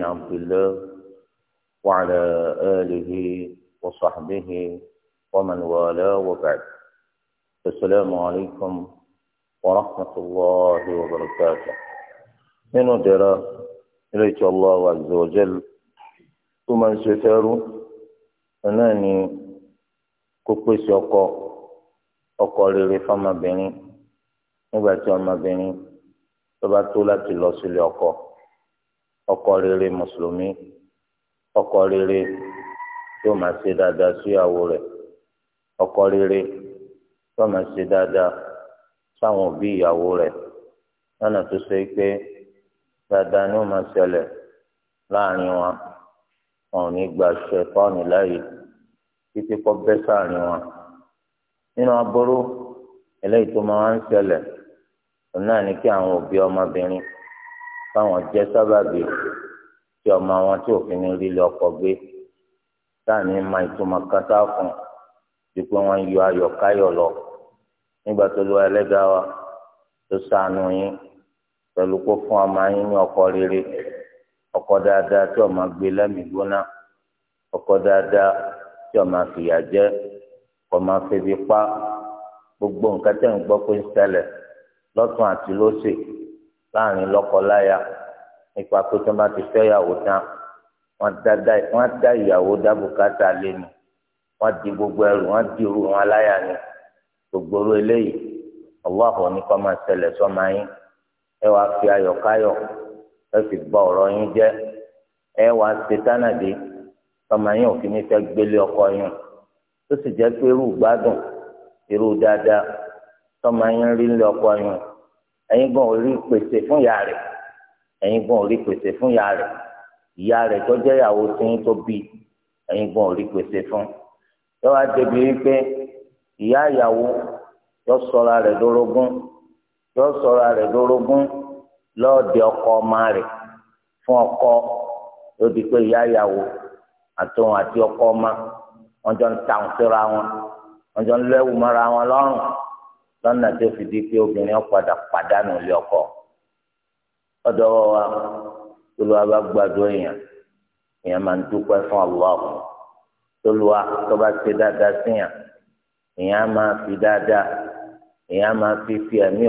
بن عبد الله وعلى آله وصحبه ومن والاه وبعد السلام عليكم ورحمة الله وبركاته من درى إليك الله عز وجل ثم ستر أناني كوكوس أقو أقو لي فما بني نبات أما بني تبات لا تلوسي ọkọ rere mùsùlùmí ọkọ rere yóò máa ṣe dáadáa síyàwó rẹ̀ ọkọ rere yóò máa ṣe dáadáa sáwọn òbí ìyàwó rẹ̀ lọ́nà tó ṣe pé dáadáa ni ó máa ṣẹlẹ̀ láàrin wọn wọn ò ní gba ṣẹfọ́ọ̀nì láàyè títí kọ́ bẹ́ sáàrin wọn nínú aburú eléyìí tó máa ń ṣẹlẹ̀ òun náà ni kí àwọn òbí ọmọbìnrin káwọn jẹ́ sábàbí tí ọmọ wọn tí òfin ní rí lọ ọkọ̀ gbé táàní máa ìtumọ̀ kan sáà fún ju pé wọ́n ń yọ ayọ̀ káyọ̀ lọ nígbà tó lọ́wọ́ ẹlẹ́gàá wa tó ṣàánú yín pẹ̀lú kó fún ọmọ yín ní ọkọ rere ọkọ dáadáa tí ọmọ gbé lẹ́mìí gbóná ọkọ dáadáa tí ọmọ fìyà jẹ ọmọ febi pa gbogbo nǹkan tẹ̀ ń gbọ́ pé ń ṣẹlẹ̀ lọ́tún àti lósì láàrin lọ́kọláya nípa pé tí wọ́n bá ti fẹ́ ìyàwó tán wọ́n dá ìyàwó dábùkátà lé ni wọ́n di gbogbo ẹrù wọ́n di irú wọn láyà ni gbogbo orú eléyìí ọlọ́àbọ̀ ní kọ́ máa ṣẹlẹ̀ sọ́mà yín ẹ wàá fi ayọ̀káyọ̀ ẹ fi gbọ́ ọ̀rọ̀ yín jẹ́ ẹ wàá ṣe tánàdé sọ́mà yín òfin ní fẹ́ gbélé ọkọ yín tó sì jẹ́ pé irú gbádùn irú dáadáa sọ́mà yín rí lé ọkọ yín ẹ̀yin gan orí pèsè fún ìyá rẹ̀ ẹyin gan orí pèsè fún ìyá rẹ̀ ìyá rẹ̀ tó jẹ́ ìyàwó tó bí ẹyin gan orí pèsè fún yóò débi wípé ìyá ìyàwó yọ sọra rẹ̀ l'órógún, Yọ sọra rẹ̀ lọ́ọ̀dẹ ọkọ ọmọ rẹ̀ fún ọkọ di pé ìyá ìyàwó àtòun àti ọkọ ọmọ wọn jọ ń wọn wọn lọ́nà tó fi di pé obìnrin ọ̀padà pàdánù ilé ọkọ ọ̀dọ̀ wa tolúwa bá gbàdúrà èèyàn èèyàn máa ń dúpẹ́ fún Allah tolúwa tó bá ṣe dáadáa síyàn èèyàn máa fi dáadáa èèyàn máa fi fi ẹ̀mí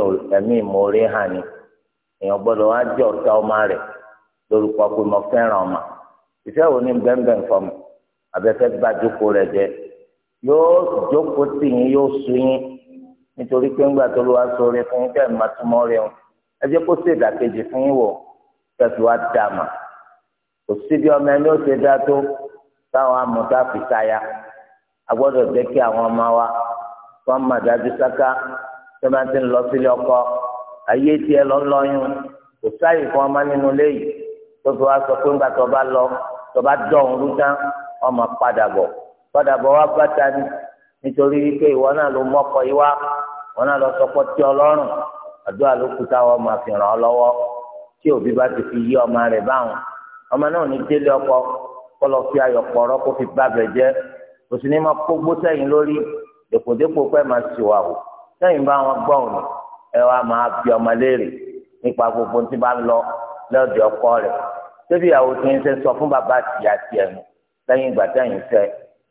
ni èèyàn gbọ́dọ̀ wá jẹ́ ọ̀tá ọmọ rẹ̀ lórúkọ pé mo fẹ́ràn ọmọ ìfẹ́ wo ni fọmọ abẹ́fẹ́ gbàdúkọ rẹ̀ jẹ nítorí pé ńgbà tó lọ́wọ́ sọ rẹ fún yín kẹ́ẹ̀ máa túmọ̀ rẹ o ẹ jẹ́ kó ṣe ìdàkejì fún yín wọ̀ kẹ́ẹ̀fì wá dà mà kò sí bí ọmọ ẹni ó ṣe dá tó táwọn amọ̀tá fi sáyà a gbọ́dọ̀ jẹ́ kí àwọn ọmọ wa wọ́n má dájú sáká tó bá ti ń lọ sílé ọkọ ayé tiẹ̀ lọ lọ́yún kò sáyè fún ọmọ nínú ilé tó fi wá sọ pé ńgbà tó bá lọ tó bá dọ̀hún lúdán ọmọ padà bọ̀ padà bọ̀ wá ni nítorí wípé ìwọ náà ló mọ́kọ yìí wá wọn náà lọ sọpọ tí ọlọ́run àdúrà ló kú táwọn máa fi ràn ọ lọ́wọ́ tí òbí bá ti fi yí ọmọ rẹ̀ báwọn ọmọ náà ní délé ọkọ kó lọ fi ayọ̀ pọrọ kó fi bá bẹ jẹ kò sì ní máa kógbó sẹ́yìn lórí dèpòdépò pé máa sì wà wò sẹ́yìn bá wọn gbọ́ òní ẹ wá máa bí ọmọ léèrè nípa gbogbo tí bá ń lọ lọ́dọ̀ ọkọ rẹ̀ débi àwọn tí ń ṣe sọ fún bàbá àti àti ẹnu sẹ́yìn ìgbà sẹ́yìn fẹ́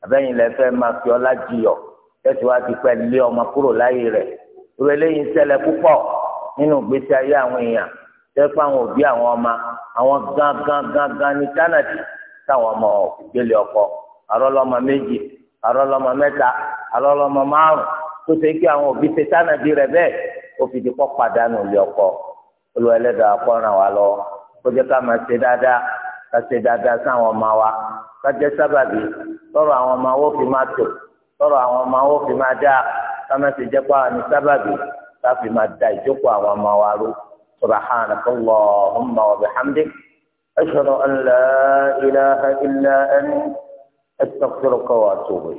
àbẹ́yìn lẹ́fẹ́ máa fi ọlá jiyọ̀ tẹ́tí wá ti pẹ́ lé ọmọ kúrò láyé rẹ̀ ìwé lẹ́yìn ṣẹlẹ̀ púpọ̀ nínú ìgbésí ayé àwọn èèyàn tẹ́ pé àwọn òbí àwọn ọmọ àwọn gangan gangan ní tánàtì táwọn ọmọ ògbélé ọkọ arọ́lọ́mọ méjì arọ́lọ́mọ mẹ́ta arọ́lọ́mọ márùn tó ṣe kí àwọn òbí ṣe tánàtì rẹ̀ bẹ́ẹ̀ ó fi di kọ́ padànù ilé ọkọ olùwà ẹlẹ́dàá kọ́ ràn wá lọ kó jẹ́ ká máa ṣe dáadáa ká ṣe dáadáa sáwọn ọmọ wa ká jẹ́ sábàbí lọ́rọ̀ àwọn ọmọ wa ó fi máa tò sọ̀rọ̀ àwọn ọmọ wọn fi máa dáa káma ti jẹ́ pé àwọn sábàbí ká fi máa da ìjókòó àwọn ọmọ wa ró subhanaka allahumma wa bihamdik ashhadu an la ilaha illa anta astaghfiruka wa atubu